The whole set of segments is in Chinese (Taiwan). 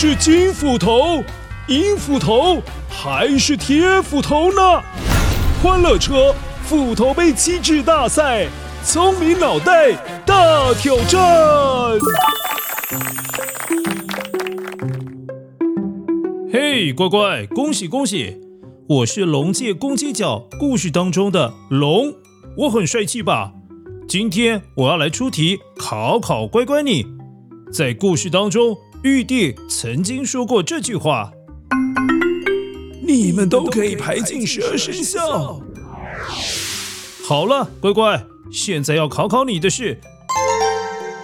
是金斧頭、銀斧頭還是鐵斧頭呢？歡樂車斧頭盃機智大賽，聰明腦袋大挑戰。嘿、hey，乖乖，恭喜恭喜！我是《龍界公雞腳》故事當中的龍，我很帥氣吧？今天我要來出題考考乖乖你，在故事當中，玉帝曾經說過這句話：“你們都可以排進十二生肖。”好了，乖乖，現在要考考你的是，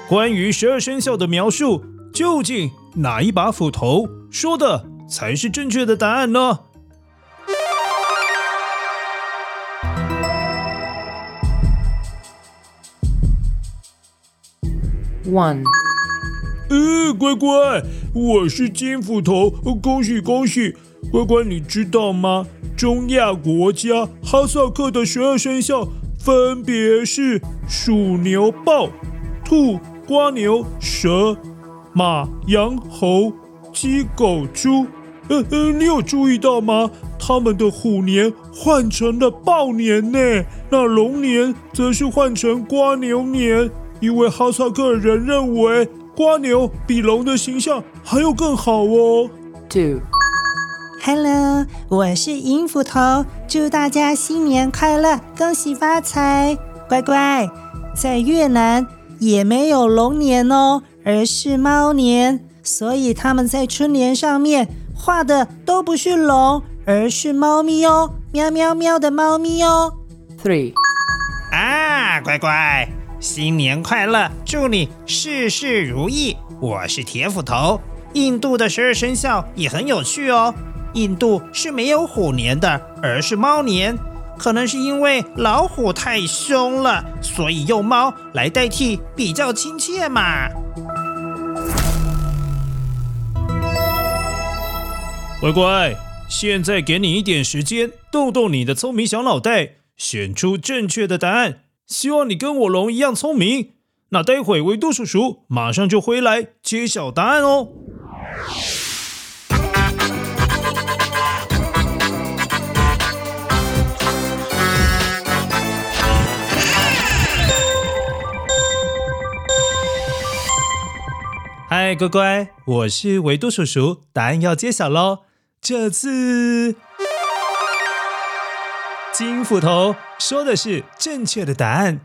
關於十二生肖的描述，究竟哪一把斧頭說的才是正確的答案呢？One。呃，乖乖，我是金斧頭，呃、恭喜恭喜！乖乖，你知道嗎？中亞國家哈薩克的十二生肖分別是鼠、牛、豹、兔、蝸牛、蛇、馬、羊、猴、雞、狗、豬。呃嗯、呃，你有注意到嗎？他們的虎年換成了豹年呢，那龍年則是換成蝸牛年，因為哈薩克人認為。蝸牛比龍的形象還要更好哦。Two, Hello，我是銀斧頭，祝大家新年快樂，恭喜發財。乖乖，在越南也沒有龍年哦，而是貓年，所以他們在春聯上面畫的都不是龍，而是貓咪哦，喵喵喵的貓咪哦。Three，啊，乖乖。新年快樂，祝你事事如意！我是鐵斧頭。印度的十二生肖也很有趣哦，印度是沒有虎年的，而是貓年。可能是因為老虎太凶了，所以用貓來代替比較親切嘛。乖乖，現在給你一點時間，動動你的聰明小腦袋，選出正確的答案。希望你跟我龍一樣聰明。那待會維度叔叔馬上就回來揭曉答案哦。嗨，乖乖，我是維度叔叔，答案要揭曉嘍。這次。金斧頭說的是正確的答案。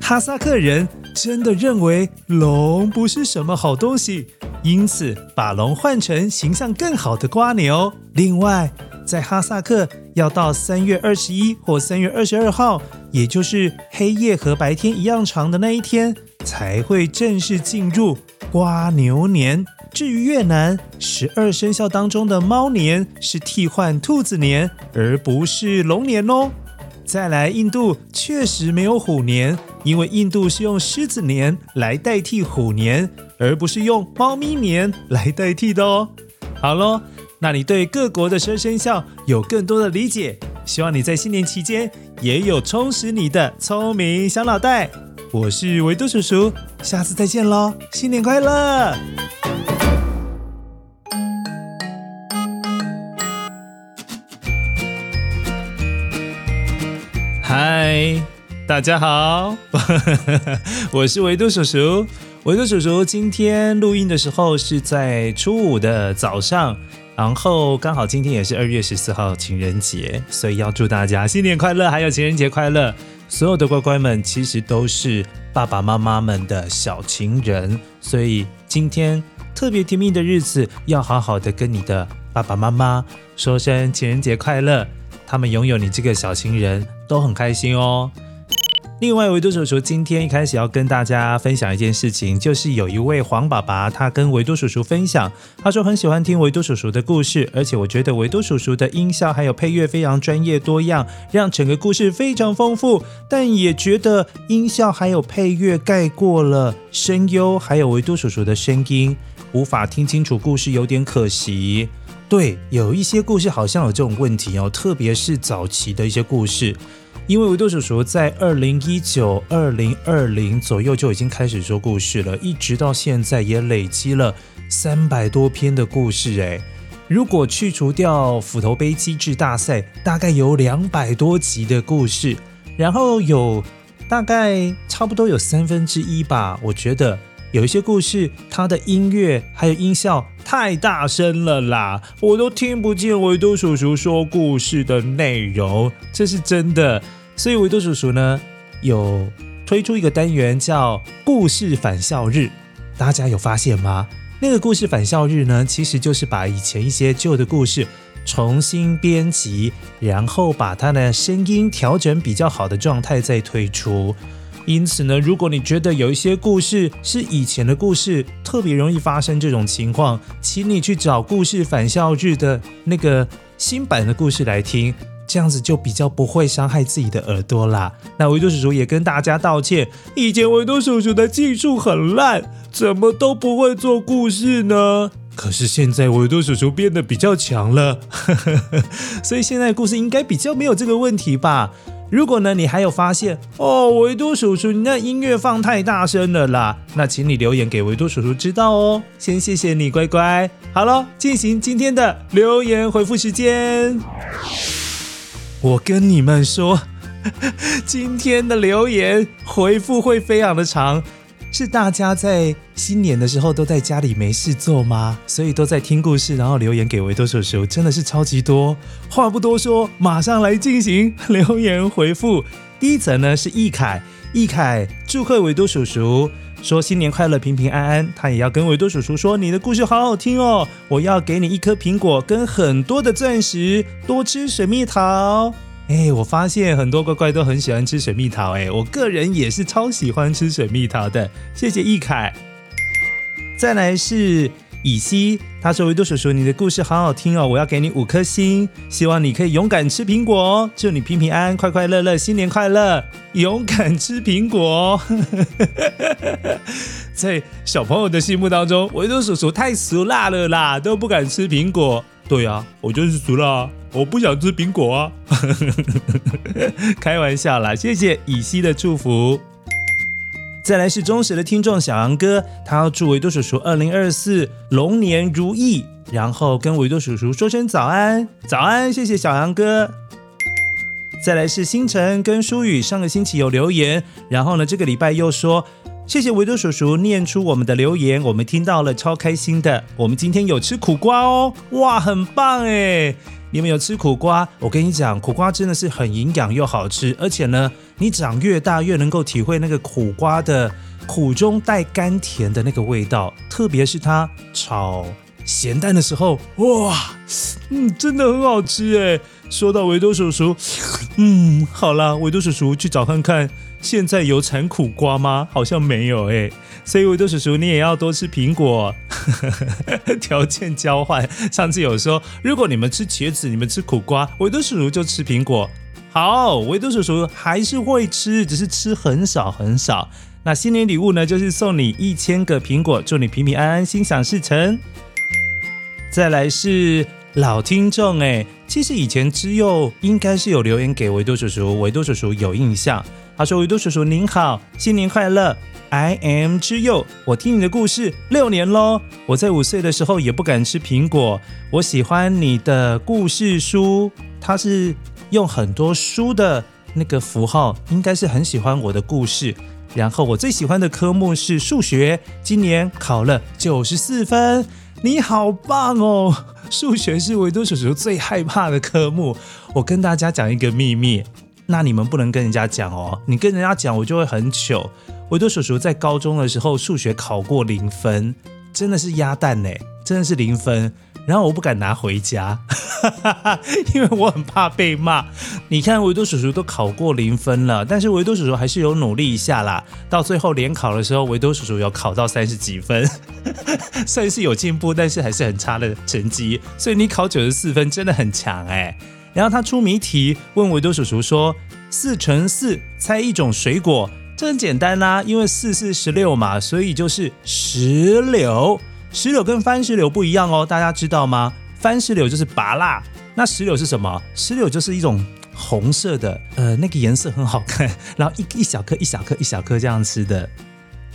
哈薩克人真的認為龍不是什麼好東西，因此把龍換成形象更好的蝸牛。另外，在哈薩克要到三月二十一或三月二十二號，也就是黑夜和白天一樣長的那一天，才會正式進入蝸牛年。至於越南，十二生肖當中的貓年是替換兔子年，而不是龍年哦。再來，印度確實沒有虎年，因為印度是用獅子年來代替虎年，而不是用貓咪年來代替的哦。好嘍，那你對各國的生,生肖有更多的理解，希望你在新年期間也有充實你的聰明小腦袋。我是維都叔叔，下次再見嘍，新年快樂！大家好， 我是維度叔叔。維度叔叔今天錄音的時候是在初五的早上，然後剛好今天也是二月十四號情人節，所以要祝大家新年快樂，還有情人節快樂。所有的乖乖們其實都是爸爸媽媽們的小情人，所以今天特別甜蜜的日子，要好好的跟你的爸爸媽媽說聲情人節快樂。他們擁有你這個小情人，都很開心哦。另外，維多叔叔今天一開始要跟大家分享一件事情，就是有一位黃爸爸，他跟維多叔叔分享，他說很喜歡聽維多叔叔的故事，而且我覺得維多叔叔的音效還有配樂非常專業多樣，讓整個故事非常豐富。但也覺得音效還有配樂蓋過了聲優，還有維多叔叔的聲音，無法聽清楚故事，有點可惜。對，有一些故事好像有這種問題哦，特別是早期的一些故事。因為維度叔叔在二零一九、二零二零左右就已經開始說故事了，一直到現在也累積了三百多篇的故事。誒，如果去除掉斧頭盃機智大賽，大概有兩百多集的故事，然後有大概差不多有三分之一吧，我覺得。有一些故事，它的音樂還有音效太大聲了啦，我都聽不見維多叔叔說故事的內容，這是真的。所以維多叔叔呢，有推出一個單元叫“故事返校日”，大家有發現嗎？那個“故事返校日”呢，其實就是把以前一些舊的故事重新編輯，然後把它的聲音調整比較好的狀態再推出。因此呢，如果你覺得有一些故事是以前的故事，特別容易發生這種情況，請你去找故事返校日的那個新版的故事來聽，這樣子就比較不會傷害自己的耳朵啦。那維多叔叔也跟大家道歉，以前維多叔叔的技術很爛，怎麼都不會做故事呢？可是現在維多叔叔變得比較強了， 所以現在的故事應該比較沒有這個問題吧。如果呢，你還有發現哦，維多叔叔，你那音樂放太大聲了啦，那請你留言給維多叔叔知道哦。先謝謝你，乖乖。好了，進行今天的留言回復時間。我跟你們說，今天的留言回復會非常的長。是大家在新年的時候都在家裡沒事做嗎？所以都在聽故事，然後留言給維多叔叔，真的是超級多。話不多說，馬上來進行留言回覆。第一則呢，是易凱，易凱祝賀維多叔叔說新年快樂，平平安安。他也要跟維多叔叔說，你的故事好好聽哦，我要給你一顆蘋果跟很多的鑽石，多吃水蜜桃。哎，我發現很多乖乖都很喜歡吃水蜜桃，哎，我個人也是超喜歡吃水蜜桃的。謝謝易凱。再來是乙西，他說維多叔叔，你的故事好好聽哦，我要給你五顆星，希望你可以勇敢吃蘋果哦，祝你平平安安，快快樂樂，新年快樂，勇敢吃蘋果。 在小朋友的心目當中，維多叔叔太俗辣了啦，都不敢吃蘋果。對啊，我就是熟了，我不想吃蘋果啊， 開玩笑啦，謝謝以西的祝福。再來是忠實的聽眾小楊哥，他要祝維多叔叔二零二四龍年如意，然後跟維多叔叔說聲早安，早安，謝謝小楊哥。再來是星辰跟舒雨，上個星期有留言，然後呢，這個禮拜又說。謝謝維多叔叔唸出我們的留言，我們聽到了超開心的。我們今天有吃苦瓜哦，哇，很棒哎！你們有吃苦瓜？我跟你講，苦瓜真的是很營養又好吃，而且呢，你長越大越能夠體會那個苦瓜的苦中帶甘甜的那個味道，特別是它炒鹹蛋的時候，哇，嗯，真的很好吃哎！說到維多叔叔，嗯，好啦，維多叔叔去找看看。現在有產苦瓜嗎？好像沒有誒、欸。所以維多叔叔，你也要多吃蘋果。 條件交換。上次有說，如果你們吃茄子，你們吃苦瓜，維多叔叔就吃蘋果。好，維多叔叔還是會吃，只是吃很少很少。那新年禮物呢？就是送你一千個蘋果，祝你平平安安，心想事成。再來是老聽眾誒、欸，其實以前只有應該是有留言給維多叔叔，維多叔叔有印象。他說：“維多叔叔您好，新年快樂！I am 之佑，我聽你的故事六年嘍。我在五歲的時候也不敢吃蘋果。我喜歡你的故事書，它是用很多書的那個符號，應該是很喜歡我的故事。然後我最喜歡的科目是數學，今年考了九十四分。你好棒哦！數學是維多叔叔最害怕的科目。我跟大家講一個秘密。”那你們不能跟人家講哦，你跟人家講我就會很糗。維多叔叔在高中的時候數學考過零分，真的是鴨蛋嘞、欸，真的是零分。然後我不敢拿回家， 因為我很怕被罵。你看維多叔叔都考過零分了，但是維多叔叔還是有努力一下啦。到最後聯考的時候，維多叔叔有考到三十幾分， 算是有進步，但是還是很差的成績。所以你考九十四分真的很強哎、欸。然後他出謎題問維多叔叔說：“四乘四猜一種水果，這很簡單啦、啊，因為四四十六嘛，所以就是石榴。石榴跟番石榴不一樣哦，大家知道嗎？番石榴就是芭樂，那石榴是什麼？石榴就是一種紅色的，呃，那個顏色很好看，然後一一小顆一小顆一小顆，一小顆這樣吃的。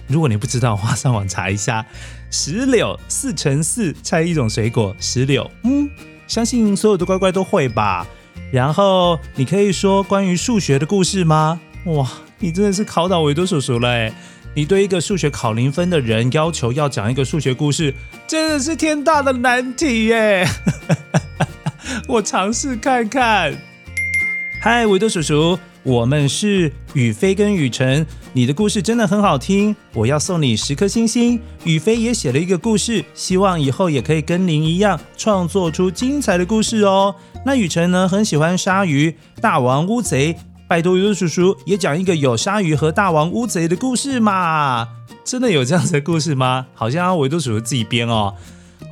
如果你不知道的話，上網查一下。石榴四乘四猜一種水果，石榴。嗯。”相信所有的乖乖都會吧。然後你可以說關於數學的故事嗎？哇，你真的是考倒維多叔叔嘞！你對一個數學考零分的人要求要講一個數學故事，真的是天大的難題耶！ 我嘗試看看。嗨，維多叔叔。我們是雨飛跟雨晨，你的故事真的很好聽，我要送你十顆星星。雨飛也寫了一個故事，希望以後也可以跟您一樣創作出精彩的故事哦。那雨晨呢，很喜歡鯊魚大王烏賊，拜託維多叔叔也講一個有鯊魚和大王烏賊的故事嘛？真的有這樣子的故事嗎？好像要維多叔叔自己編哦。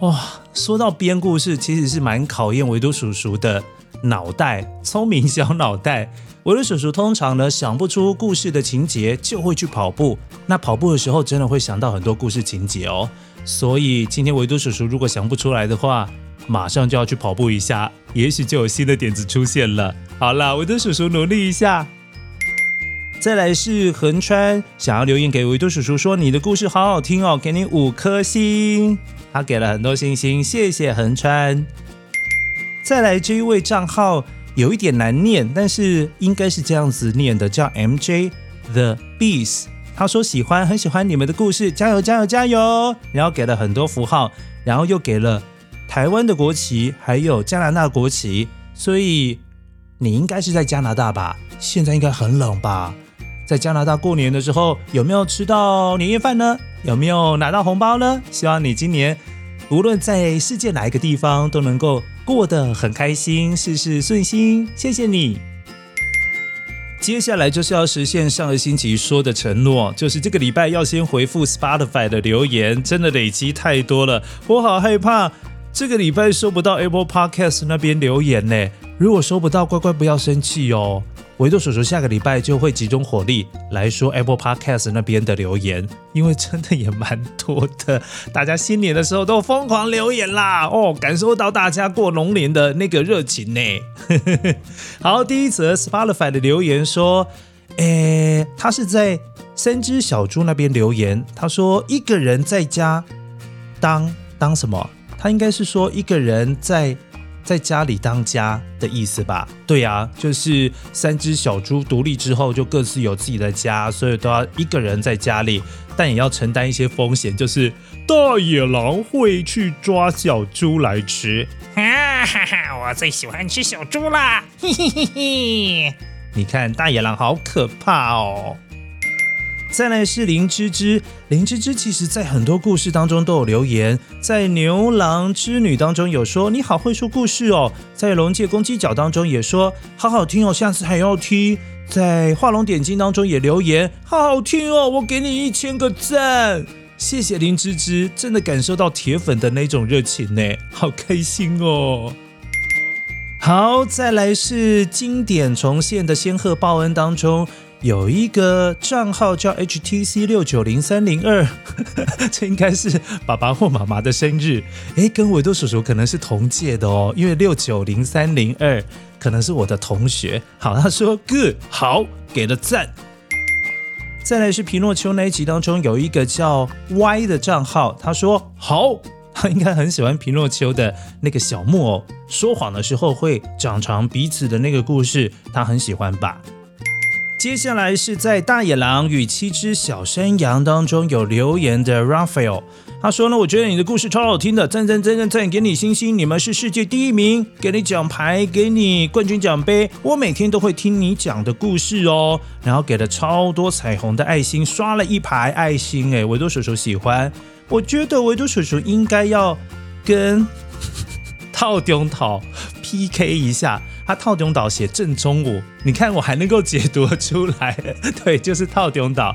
哇、哦，說到編故事，其實是蠻考驗維多叔叔的腦袋，聰明小腦袋。維多叔叔通常呢，想不出故事的情節，就會去跑步。那跑步的時候真的會想到很多故事情節哦。所以今天維多叔叔如果想不出來的話，馬上就要去跑步一下，也許就有新的點子出現了。好啦，維多叔叔努力一下。再來是橫川，想要留言給維多叔叔說：“你的故事好好聽哦，給你五顆星。”他給了很多星星，謝謝橫川。再來這一位賬號。有一點難念，但是應該是這樣子念的，叫 MJ The Beast。他說喜歡，很喜歡你們的故事，加油加油加油！然後給了很多符號，然後又給了台灣的國旗，還有加拿大國旗。所以你應該是在加拿大吧？現在應該很冷吧？在加拿大過年的時候，有沒有吃到年夜飯呢？有沒有拿到紅包呢？希望你今年無論在世界哪一個地方，都能夠。過得很開心，事事順心，謝謝你。接下來就是要實現上個星期說的承諾，就是這個禮拜要先回覆 Spotify 的留言，真的累積太多了，我好害怕這個禮拜收不到 Apple Podcast 那邊留言呢。如果收不到，乖乖不要生氣哦。維多叔叔下個禮拜就會集中火力來說 Apple Podcast 那邊的留言，因為真的也蠻多的，大家新年的時候都瘋狂留言啦哦，感受到大家過龍年的那個熱情呢。 好，第一則 Spotify 的留言說，誒、欸，他是在三隻小豬那邊留言，他說一個人在家當當什麼？他應該是說一個人在。在家裡當家的意思吧？對呀，就是三隻小豬獨立之後，就各自有自己的家，所以都要一個人在家裡，但也要承擔一些風險，就是大野狼會去抓小豬來吃。哈哈哈，我最喜歡吃小豬啦！嘿嘿嘿嘿，你看大野狼好可怕哦。再來是林芝芝，林芝芝其實在很多故事當中都有留言，在牛郎織女當中有說，你好會說故事哦，在龍借公雞角當中也說好好聽哦，下次還要聽，在畫龍點睛當中也留言好好聽哦，我給你一千個讚。謝謝林芝芝，真的感受到鐵粉的那種熱情呢，好開心哦。好，再來是經典重現的仙鶴報恩當中。有一個賬號叫 H T C 六九零三零二，這應該是爸爸或媽媽的生日。哎，跟維多叔叔可能是同屆的哦，因為六九零三零二可能是我的同學。好，他說 good 好，給了讚。再來是皮諾丘那一集當中有一個叫 Y 的賬號，他說好，他應該很喜歡皮諾丘的那個小木偶，說謊的時候會長長鼻子的那個故事，他很喜歡吧。接下來是在大野狼與七隻小山羊當中有留言的 Raphael，他說呢，我覺得你的故事超好聽的，讚讚讚讚讚，給你星星，你們是世界第一名，給你獎牌，給你冠軍獎盃，我每天都會聽你講的故事哦，然後給了超多彩虹的愛心，刷了一排愛心，哎，維多叔叔喜歡，我覺得維多叔叔應該要跟套 中套 PK 一下。他套鼎島寫正中文，你看我還能夠解讀出來， 對，就是套鼎島，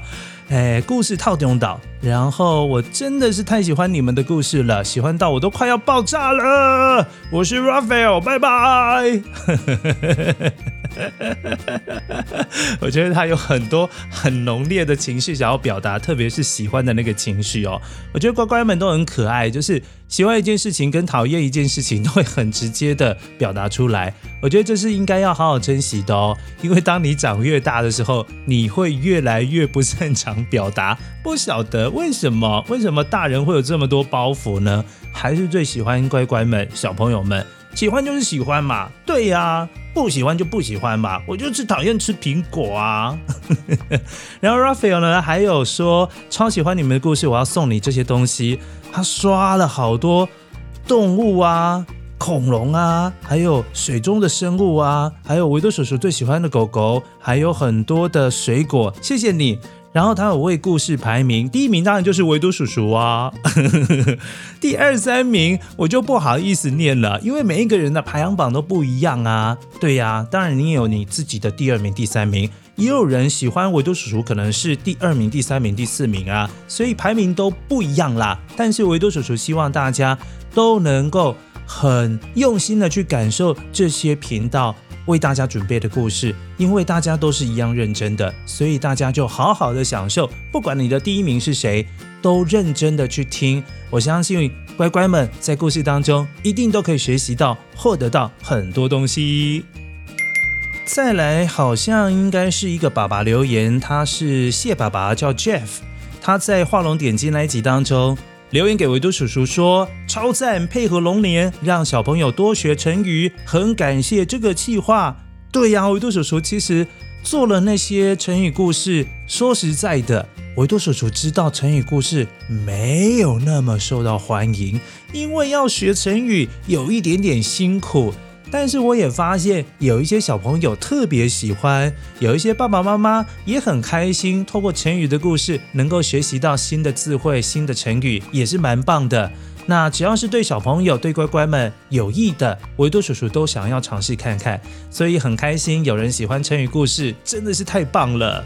哎、欸，故事套鼎島，然後我真的是太喜歡你們的故事了，喜歡到我都快要爆炸了，我是 Raphael，拜拜。 我覺得他有很多很濃烈的情緒想要表達，特別是喜歡的那個情緒哦。我覺得乖乖們都很可愛，就是喜歡一件事情跟討厭一件事情都會很直接的表達出來。我覺得這是應該要好好珍惜的哦，因為當你長越大的時候，你會越來越不擅長表達。不曉得為什麼，為什麼大人會有這麼多包袱呢？還是最喜歡乖乖們、小朋友們。喜歡就是喜歡嘛，對呀，啊，不喜歡就不喜歡嘛。我就是討厭吃蘋果啊。 然後 Raphael 呢，還有說超喜歡你們的故事，我要送你這些東西。他刷了好多動物啊，恐龍啊，還有水中的生物啊，還有維多叔叔最喜歡的狗狗，還有很多的水果。謝謝你。然後他有為故事排名，第一名當然就是維多叔叔啊。 第二三名我就不好意思念了，因為每一個人的排行榜都不一樣啊。對呀、啊，當然你也有你自己的第二名、第三名，也有人喜歡維多叔叔，可能是第二名、第三名、第四名啊，所以排名都不一樣啦。但是維多叔叔希望大家都能夠很用心的去感受這些頻道。為大家準備的故事，因為大家都是一樣認真的，所以大家就好好的享受。不管你的第一名是誰，都認真的去聽。我相信乖乖們在故事當中一定都可以學習到、獲得到很多東西。再來，好像應該是一個爸爸留言，他是謝爸爸，叫 Jeff，他在畫龍點睛那一集當中。留言給維多叔叔說：“超讚，配合龍年，讓小朋友多學成語，很感謝這個計劃。”對呀、啊，維多叔叔其實做了那些成語故事。說實在的，維多叔叔知道成語故事沒有那麼受到歡迎，因為要學成語有一點點辛苦。但是我也發現有一些小朋友特別喜歡，有一些爸爸媽媽也很開心，透過成語的故事能夠學習到新的智慧、新的成語，也是蠻棒的。那只要是對小朋友、對乖乖們有益的，維多叔叔都想要嘗試看看，所以很開心有人喜歡成語故事，真的是太棒了。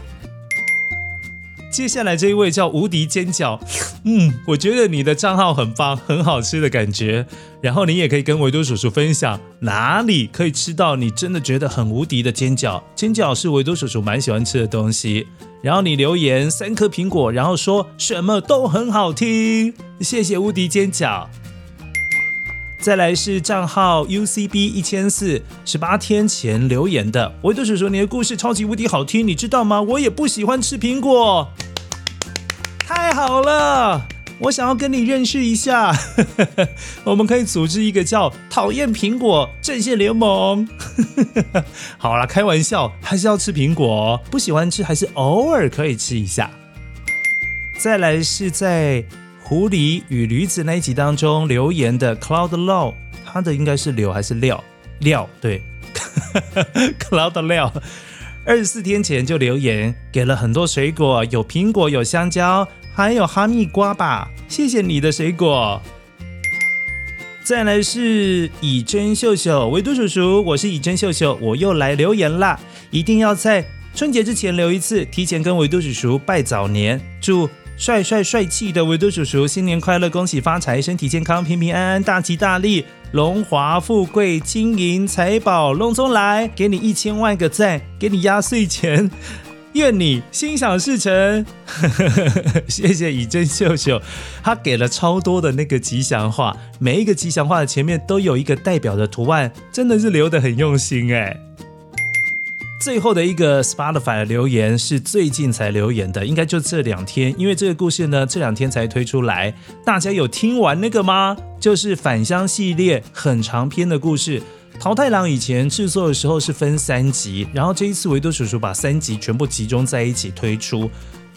接下來這一位叫無敵煎餃，嗯，我覺得你的賬號很棒，很好吃的感覺。然後你也可以跟維多叔叔分享哪裡可以吃到你真的覺得很無敵的煎餃。煎餃是維多叔叔蠻喜歡吃的東西。然後你留言三顆蘋果，然後說什麼都很好聽。謝謝無敵煎餃。再來是賬號 U C B 一千四十八天前留言的。我就是說你的故事超級無敵好聽，你知道嗎？我也不喜歡吃蘋果，太好了，我想要跟你認識一下， 我們可以組織一個叫討厭蘋果陣線聯盟。 好啦，開玩笑，還是要吃蘋果，不喜歡吃還是偶爾可以吃一下。再來是在。狐狸與驢子那一集當中留言的 Cloud Low，他的應該是流還是料？料對 ，Cloud 的料。二十四天前就留言，給了很多水果，有蘋果，有香蕉，還有哈密瓜吧？謝謝你的水果。再來是乙真秀秀，唯獨叔叔，我是乙真秀秀，我又來留言啦！一定要在春節之前留一次，提前跟唯獨叔叔拜早年，祝。帥帥帥氣的維多叔叔，新年快樂，恭喜發財，身體健康，平平安安，大吉大利，榮華富貴，金銀財寶攏總來，給你一千萬個讚，給你壓歲錢，願你心想事成。 謝謝以真秀秀，他給了超多的那個吉祥話，每一個吉祥話的前面都有一個代表的圖案，真的是留得很用心哎、欸。最後的一個 Spotify 留言是最近才留言的，應該就這兩天，因為這個故事呢這兩天才推出來。大家有聽完那個嗎？就是返鄉系列很長篇的故事，桃太郎以前制作的時候是分三集，然後這一次維多叔叔把三集全部集中在一起推出。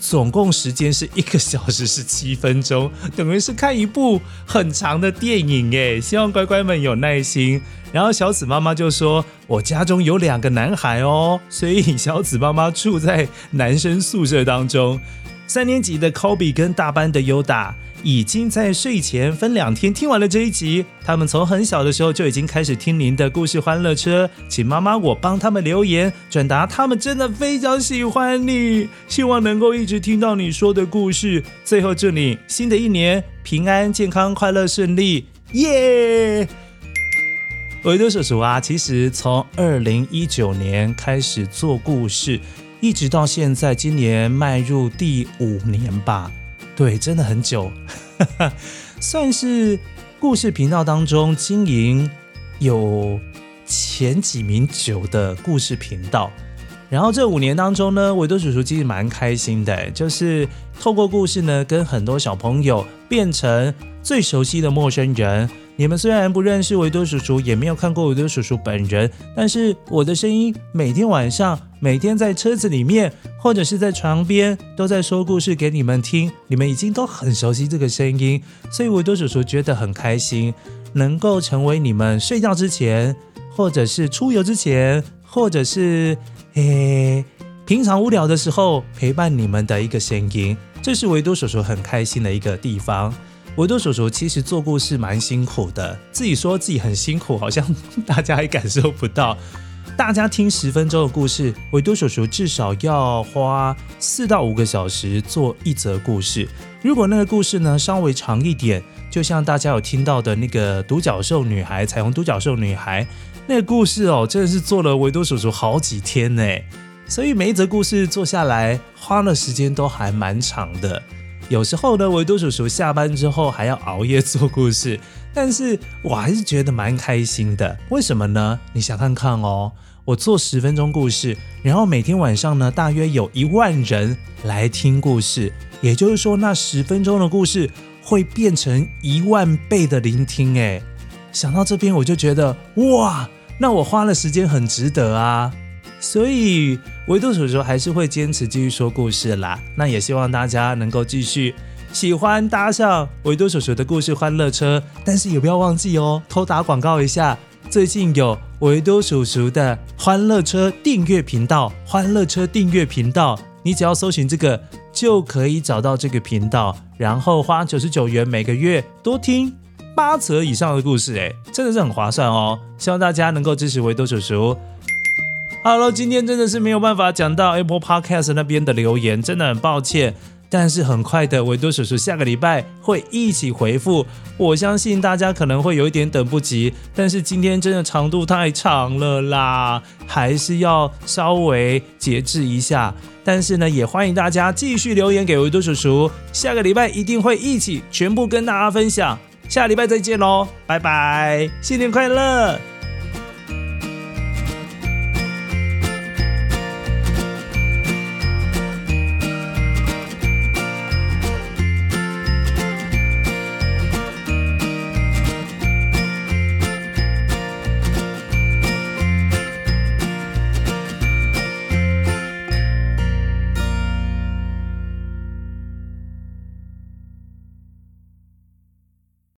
總共時間是一個小時十七分鐘，等於是看一部很長的電影哎，希望乖乖們有耐心。然後小紫媽媽就說：“我家中有兩個男孩哦，所以小紫媽媽住在男生宿舍當中。三年級的 Kobe 跟大班的 Yoda。”已經在睡前分兩天聽完了這一集。他們從很小的時候就已經開始聽您的故事《歡樂車》。請媽媽我幫他們留言轉達，他們真的非常喜歡你，希望能夠一直聽到你說的故事。最後，祝你新的一年平安、健康、快樂、順利，耶、yeah!！我多說說啊，其實從二零一九年開始做故事，一直到現在，今年邁入第五年吧。對，真的很久，呵呵，算是故事頻道當中經營有前幾名久的故事頻道。然後這五年當中呢，維多叔叔其實蠻開心的、欸，就是透過故事呢，跟很多小朋友變成最熟悉的陌生人。你們雖然不認識維多叔叔，也沒有看過維多叔叔本人，但是我的聲音每天晚上，每天在車子裡面，或者是在床邊，都在說故事給你們聽。你們已經都很熟悉這個聲音，所以維多叔叔覺得很開心，能夠成為你們睡覺之前，或者是出遊之前，或者是、欸、平常無聊的時候陪伴你們的一個聲音，這是維多叔叔很開心的一個地方。維多叔叔其實做故事蠻辛苦的，自己說自己很辛苦，好像大家也感受不到。大家聽十分鐘的故事，維多叔叔至少要花四到五個小時做一則故事。如果那個故事呢稍微長一點，就像大家有聽到的那個獨角獸女孩，彩虹獨角獸女孩那個故事哦，真的是做了維多叔叔好幾天呢。所以每一則故事做下來，花的時間都還蠻長的。有時候呢，維多叔叔下班之後還要熬夜做故事，但是我還是覺得蠻開心的。為什麼呢？你想看看哦，我做十分鐘故事，然後每天晚上呢，大約有一萬人來聽故事，也就是說，那十分鐘的故事會變成一萬倍的聆聽。誒，想到這邊我就覺得哇，那我花了時間很值得啊，所以。維多叔叔還是會堅持繼續說故事啦，那也希望大家能夠繼續喜歡搭上維多叔叔的故事歡樂車。但是也不要忘記哦，偷打廣告一下，最近有維多叔叔的歡樂車訂閱頻道，歡樂車訂閱頻道，你只要搜尋這個就可以找到這個頻道，然後花九十九元每個月多聽八則以上的故事。欸，哎，真的是很划算哦。希望大家能夠支持維多叔叔。哈嘍，今天真的是沒有辦法講到 Apple Podcast 那邊的留言，真的很抱歉。但是很快的，維多叔叔下個禮拜會一起回復。我相信大家可能會有一點等不及，但是今天真的長度太長了啦，還是要稍微節制一下。但是呢，也歡迎大家繼續留言給維多叔叔，下個禮拜一定會一起全部跟大家分享。下禮拜再見嘍，拜拜，新年快樂！